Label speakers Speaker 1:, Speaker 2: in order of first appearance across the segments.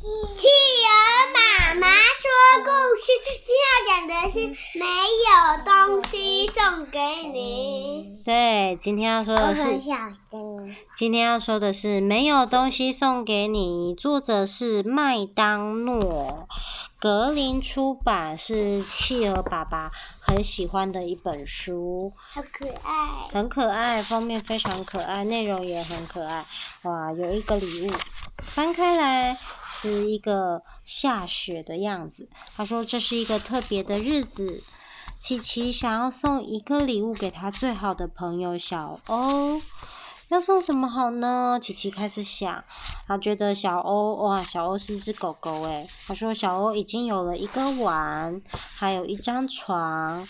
Speaker 1: 企鵝媽媽說故事，今天要講的是沒有東西送給你。嗯、對，今天要說的是。我很小聲。今天要說的是沒有東西送給你，作者是麥當諾，格林出版，是企鵝爸爸很喜歡的一本書。好可愛。很可愛，封面非常可愛，內容也很可愛。哇，有一個禮物。翻開來是一個下雪的樣子。他說，這是一個特別的日子，琪琪想要送一個禮物給他最好的朋友小歐。要送什麼好呢？琪琪開始想，他覺得小歐，哇，小歐是一隻狗狗哎、欸。他說小歐已經有了一個碗，還有一張床。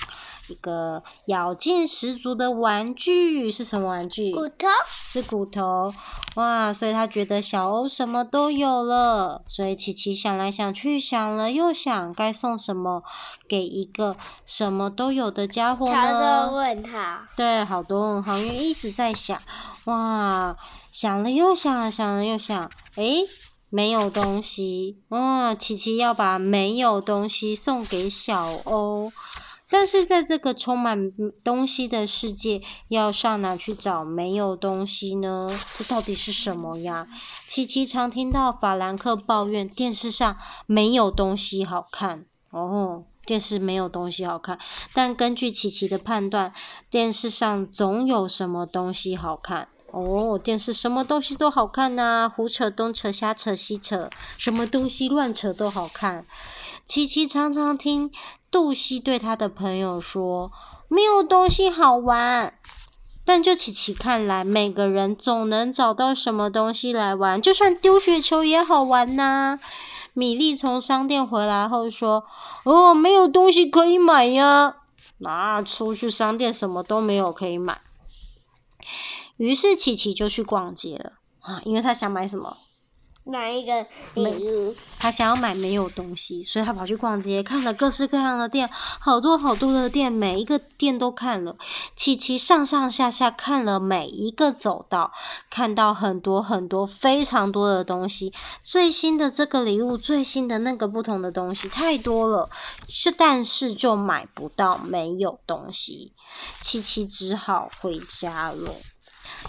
Speaker 1: 一個咬勁十足的玩具是什麼玩具？骨頭是骨頭，哇！所以他覺得小歐什麼都有了，所以琪琪想來想去，想了又想，該送什麼給一個什麼都有的傢伙呢？大家都問他。對，好多人好像一直在想，哇，想了又想，想了又想，誒，沒有東西，哇。琪琪要把沒有東西送給小歐。但是在這個充滿東西的世界，要上哪去找沒有東西呢？這到底是什麼呀？琪琪常聽到法蘭克抱怨電視上沒有東西好看。哦，電視沒有東西好看。但根據琪琪的判斷，電視上總有什麼東西好看。哦，電視什麼東西都好看吶、啊，胡扯東扯，瞎扯西扯，什麼東西亂扯都好看。琪琪常常聽杜西對他的朋友說：“沒有東西好玩。”但就琪琪看來，每個人總能找到什麼東西來玩，就算丟雪球也好玩吶、啊。米莉從商店回來後說：“哦，沒有東西可以買呀，那、啊、出去商店什麼都沒有可以買。”於是琪琪就去逛街了啊，因為她想買什麼。買一個禮物，嗯，他想要買沒有東西，所以他跑去逛街，看了各式各樣的店，好多好多的店，每一個店都看了，琪琪上上下下看了每一個走道，看到很多很多非常多的東西，最新的這個禮物，最新的那個不同的東西太多了，就但是就買不到沒有東西，琪琪只好回家了。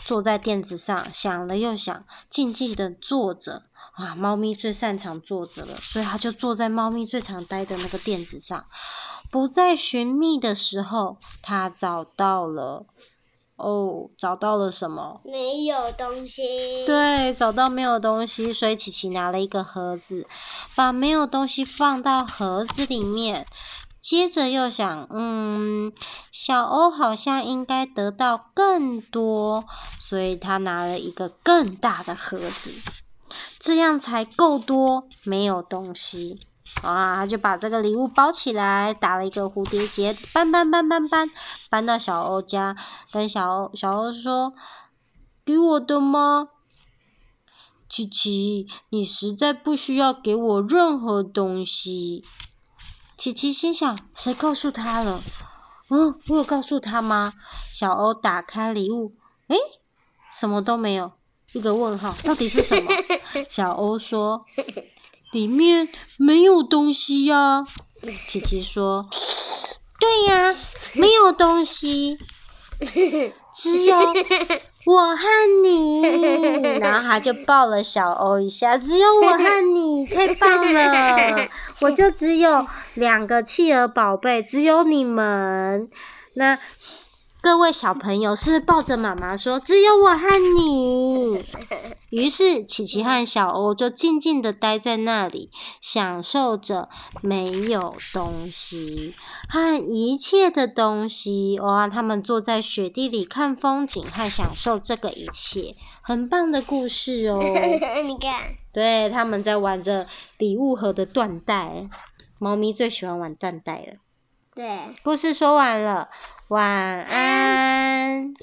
Speaker 1: 坐在墊子上，想了又想，靜靜的坐着。啊。貓咪最擅長坐着了，所以它就坐在貓咪最常待的那個墊子上。不再尋覓的時候，它找到了。哦，找到了什麼？沒有東西。對，找到沒有東西，所以琪琪拿了一個盒子，把沒有東西放到盒子裡面。接着又想，嗯，小歐好像應該得到更多，所以他拿了一個更大的盒子，這樣才夠多，沒有東西，啊，他就把這個禮物包起來，打了一個蝴蝶結，搬搬搬搬搬，搬，搬到小歐家，跟小歐小歐說，給我的嗎？琪琪，你實在不需要給我任何東西。琪琪心想：誰告訴他了？嗯，我有告訴他嗎？小歐打開禮物，哎、欸，什麼都沒有，一個問號，到底是什麼？ 小歐說：“裡面沒有東西呀、啊。”琪琪說：“對呀，沒有東西。 ”只有我和你，然後他 就抱了小歐一下。只有我和你，太棒了！ 我就只有兩個棄兒寶貝，只有你們，那。各位小朋友是抱着媽媽說：“只有我和你。”於是，琪琪和小歐就靜靜的待在那裡，享受着沒有東西和一切的東西。哇！他們坐在雪地裡看風景，和享受這個一切，很棒的故事哦。 你看，對，他們在玩着禮物盒的緞帶，貓咪最喜歡玩緞帶了。對，故事說完了。晚安。